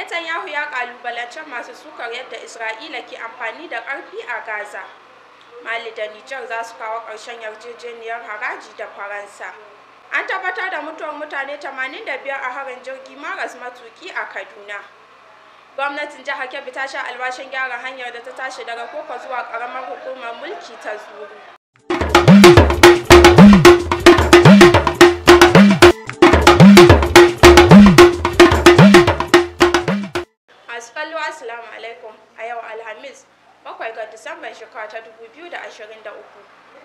Netanyahu ya kalubalance masu sukar yadda Isra'ila ke amfani da ƙarfi a Gaza. Mali da Nijar za su kawo ƙarshen yarjejeniyar haraji da Faransa. An tabbatar da mutuwar mutane 85 a harin jirgi maras matuki a Kaduna. Gwamnatin jihar Kebbi ta sha albashin gyara hanyar da ta tashi daga koko zuwa ƙaramar hukumar mulki ta Zuru. yau alhamis bakwai ga disamban shekara ta 2023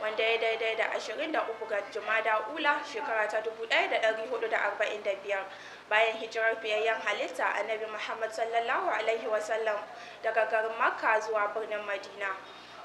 wanda ya daidai da 23 ga jumada ula shekara ta 1445 bayan hijirar biyayyen halitta annabi muhammad sallallahu alaihi wasallam daga garin makka zuwa birnin madina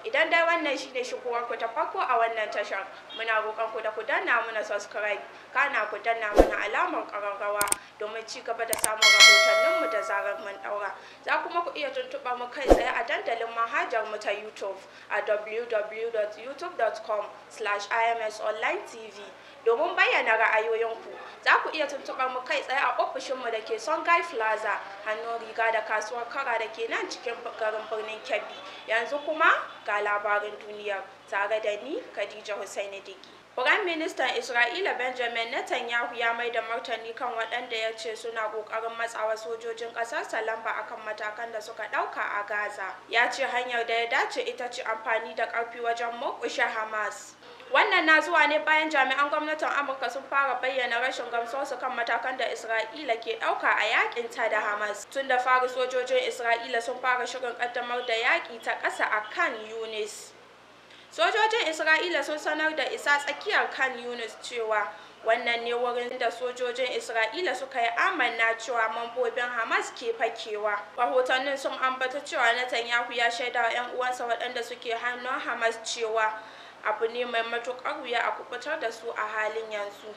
idan dai wannan shine shigowar ku ta farko a wannan tashar muna roƙon ku da ku danna muna subscribe kana ku danna na alamar ƙararrawa domin ci gaba da samun rahotannin mu da zarar mun daura za kuma ku iya tuntuɓa mu kai tsaye a dandalin manhajar mu ta YouTube a www.youtube.com/imsonlinetv domin bayyana ra'ayoyinku za ku iya tuntuɓar mu kai tsaye a ofishinmu da ke son plaza hannun riga da kasuwar kara da ke nan cikin garin birnin kebbi yanzu kuma ga labarin duniyar tare da ni khadija hussaini digi minister Isra'ila Benjamin Netanyahu ya mai da martani kan waɗanda ya ce suna ƙoƙarin matsawa sojojin ƙasarsa lamba akan matakan da suka ɗauka a Gaza. Ya ce hanyar da ya dace ita ce amfani da ƙarfi wajen murƙushe Hamas. wannan na zuwa ne bayan jami'an gwamnatin amurka sun fara bayyana rashin gamsuwarsu kan matakan da isra'ila ke ɗauka a yakin ta da hamas tun da fara sojojin isra'ila sun fara shirin ƙaddamar da yaƙi ta ƙasa a kan yunis sojojin isra'ila sun sanar da isa tsakiyar kan yunis cewa wannan ne wurin da sojojin isra'ila suka yi amanna cewa mambobin hamas ke fakewa rahotannin sun ambata cewa netanyahu ya shaida 'yan uwansa waɗanda suke hannun hamas cewa abu ne mai matuƙar wuya a kubutar da su a halin yanzu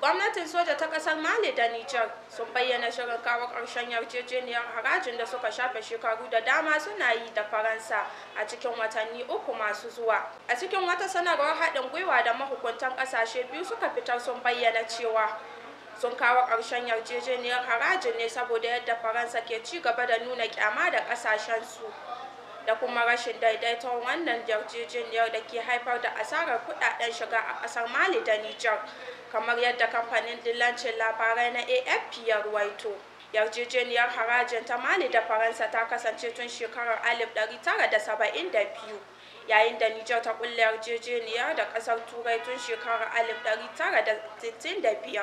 gwamnatin soja ta ƙasar mali da nijar sun bayyana shirin kawo ƙarshen yarjejeniyar harajin da suka shafe shekaru da dama suna yi da faransa a cikin watanni uku masu zuwa a cikin wata sanarwar haɗin gwiwa da mahukuntan ƙasashe biyu suka fitar sun bayyana cewa sun kawo ƙarshen yarjejeniyar harajin ne saboda yadda faransa ke ci gaba da nuna kyama da su da kuma rashin daidaiton wannan yarjejeniyar da ke haifar da asarar kudaden shiga a ƙasar mali da Nijar kamar yadda kamfanin dillancin labarai na afp ya ruwaito yarjejeniyar harajin ta mali da faransa ta kasance tun shekarar 1972 yayin da niger ta kulle yarjejeniyar da ƙasar turai tun shekarar 1965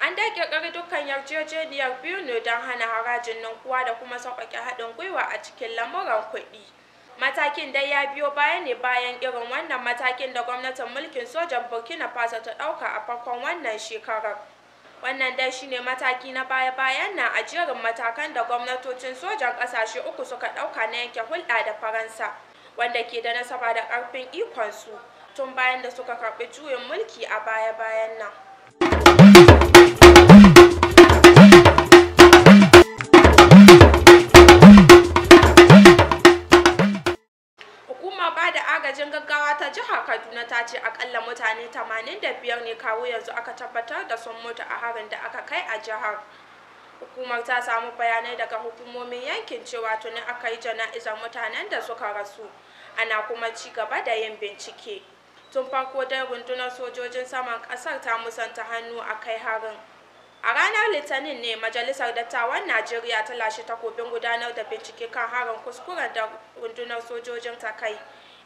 an da kirkiri dukkan yarjejeniyar biyu ne don hana harajin ninkuwa da kuma sauƙaƙe haɗin gwiwa a cikin lamuran kuɗi matakin dai ya biyo baya ne bayan irin wannan matakin da gwamnatin mulkin sojan burkina faso ta ɗauka a farkon wannan shekarar wannan dai shine mataki na baya-bayan nan a jerin matakan da gwamnatocin sojan ƙasashe uku suka ɗauka na yanke hulɗa da faransa wanda ke da nasaba da ƙarfin ikonsu tun bayan da suka karɓi juyin mulki a baya-bayan nan harin da aka kai a jihar hukumar ta samu bayanai daga hukumomin yankin cewa tuni aka yi jana'izar mutanen da suka rasu ana kuma ci gaba da yin bincike tun farko dai rundunar sojojin saman kasar ta musanta hannu a kai harin a ranar litinin ne majalisar dattawan najeriya ta lashe takobin gudanar da bincike kan harin kuskuren da rundunar sojojin ta kai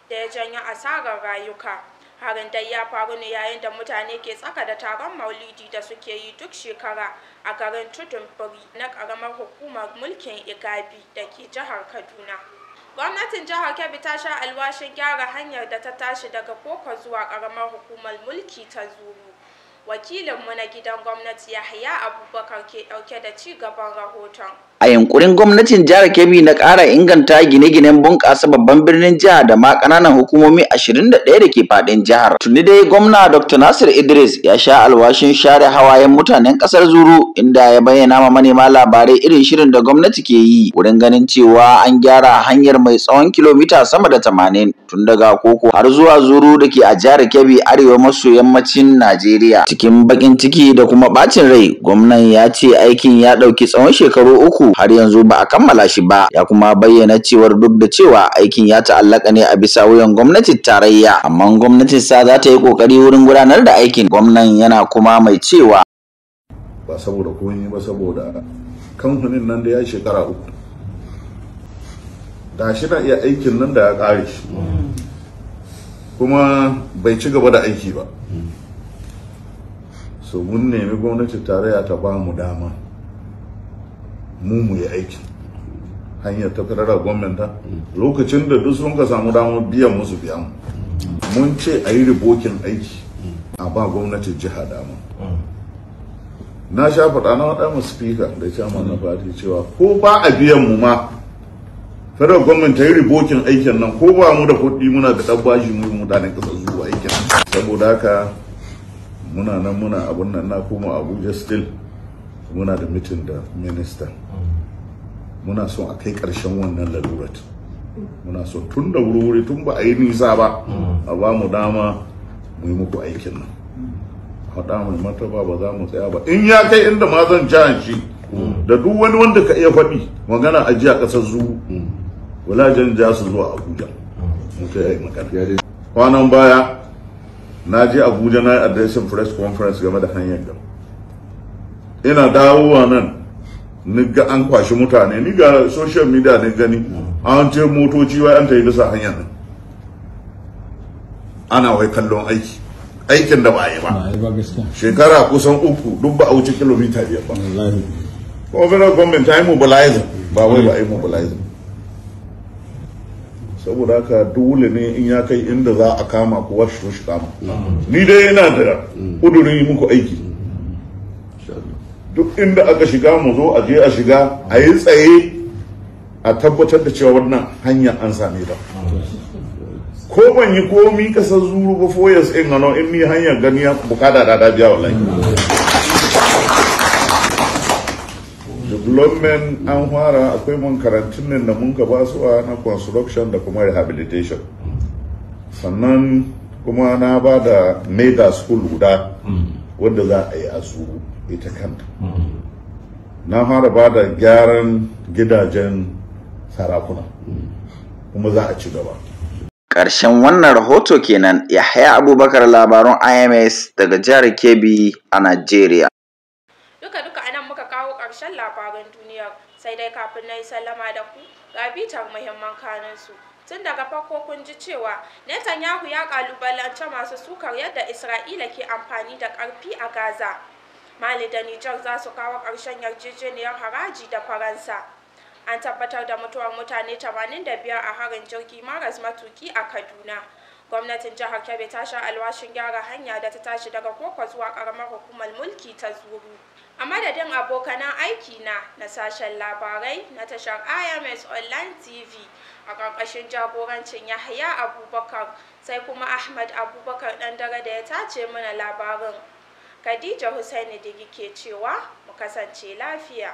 da ya janyo asarar rayuka harin dai ya faru ne yayin da mutane ke tsaka da taron maulidi da suke yi duk shekara a garin tudun biri na karamar hukumar mulkin igabi da ke jihar kaduna gwamnatin jihar kebbi ta sha alwashin gyara hanyar da ta tashi daga koko zuwa karamar hukumar mulki ta zuru wakilinmu na gidan gwamnati yahya abubakar ke dauke da ci gaban rahoton a yankurin gwamnatin jihar Kebbi na ƙara inganta gine-ginen bunƙasa babban birnin jihar da ma ƙananan hukumomi 21 da ke faɗin jihar. Tuni dai gwamna Dr. Nasir Idris ya sha alwashin share hawayen mutanen ƙasar Zuru inda ya bayyana ma manema labarai irin shirin da gwamnati ke yi wurin ganin cewa an gyara hanyar mai tsawon kilomita sama da 80 tun daga Koko har zuwa Zuru da ke a jihar Kebbi arewa maso yammacin Najeriya. Cikin baƙin ciki da kuma ɓacin rai gwamnan ya ce aikin ya ɗauki tsawon shekaru uku har yanzu ba a kammala shi ba ya kuma bayyana cewar duk da cewa aikin ya ta'allaka ne a bisa wuyan gwamnati tarayya amma gwamnatin sa za ta yi kokari wurin gudanar da aikin gwamnan yana kuma mai cewa ba saboda komai ba saboda kamfanin nan da ya shekara uku da shi na iya aikin nan da ya kare shi kuma bai ci gaba da aiki ba so mun nemi gwamnati tarayya ta ba mu dama mu mu aiki aikin hanyar ta federal da lokacin da duk sun ka samu damar biyan musu biyan mun ce a yi ribokin aiki a ba gwamnati jiha dama na sha faɗa na waɗa mu speaker da chairman na party cewa ko ba a biyan mu ma federal government ta yi ribokin aikin nan ko ba mu da kuɗi muna da ɗan bashi mu mutanen ƙasar zuwa aikin saboda haka muna nan muna abun nan na koma abuja still muna da mitin da minista muna so a kai karshen wannan lalurat muna so tun da wuri tun ba a yi nisa ba a ba mu dama mu yi muku aikin nan faɗa mai mataba ba za mu tsaya ba in ya kai inda ma zan ja shi da duk wani wanda ka iya faɗi magana a jiya ƙasar zu walajen ja su zuwa abuja kwanan baya na je abuja na yi adresin press conference game da hanyar gaba ina dawowa nan ni ga an kwashi mutane ni ga social media ni gani an ce motoci wai an tafi bisa hanyar nan ana wai kallon aiki aikin da ba a yi ba shekara kusan uku duk ba a wuce kilomita biyar ba kuma na government ta yi mobilizing ba wai ba a yi mobilizing saboda haka dole ne in ya kai inda za a kama kuwa shi kama ni dai yana da ƙudurin yi muku aiki duk inda aka shiga mu zo a je a shiga a yi tsaye a tabbatar da cewa wannan hanyar an same ta ko ban yi komi san zuru ba foyas in gano in ni hanyar gani ya bukata da dabiya wallahi development an fara akwai mun karantun nan da mun gaba su a na construction da kuma rehabilitation sannan kuma na ba da maida school guda mm. wanda za a yi a zuru ita kanta mm-hmm. na fara ba da gyaran gidajen sarakuna mm-hmm. kuma za a ci gaba ƙarshen wannan rahoto kenan yahaya abubakar labarun ims daga jihar kebbi a najeriya duka-duka anan muka kawo ƙarshen labaran duniya sai dai kafin na yi sallama da ku ga bitar muhimman kanansu tun daga farko kun ji cewa Netanyahu ya ƙalubalance masu sukar yadda Isra'ila ke amfani da ƙarfi a Gaza. mali da nijar za su kawo ƙarshen yarjejeniyar haraji da faransa an tabbatar da mutuwar mutane 85 a harin jirgi maras matuki a kaduna gwamnatin jihar kebbi ta sha alwashin gyara hanya da ta tashi daga koko zuwa ƙaramar hukumar mulki ta zuru a madadin abokanan aiki na na sashen labarai na tashar ims online tv a ƙarƙashin jagorancin yahaya abubakar sai kuma ahmad abubakar ɗan dare da ya tace mana labarin Khadija Hussaini Digi ke cewa mu kasance lafiya.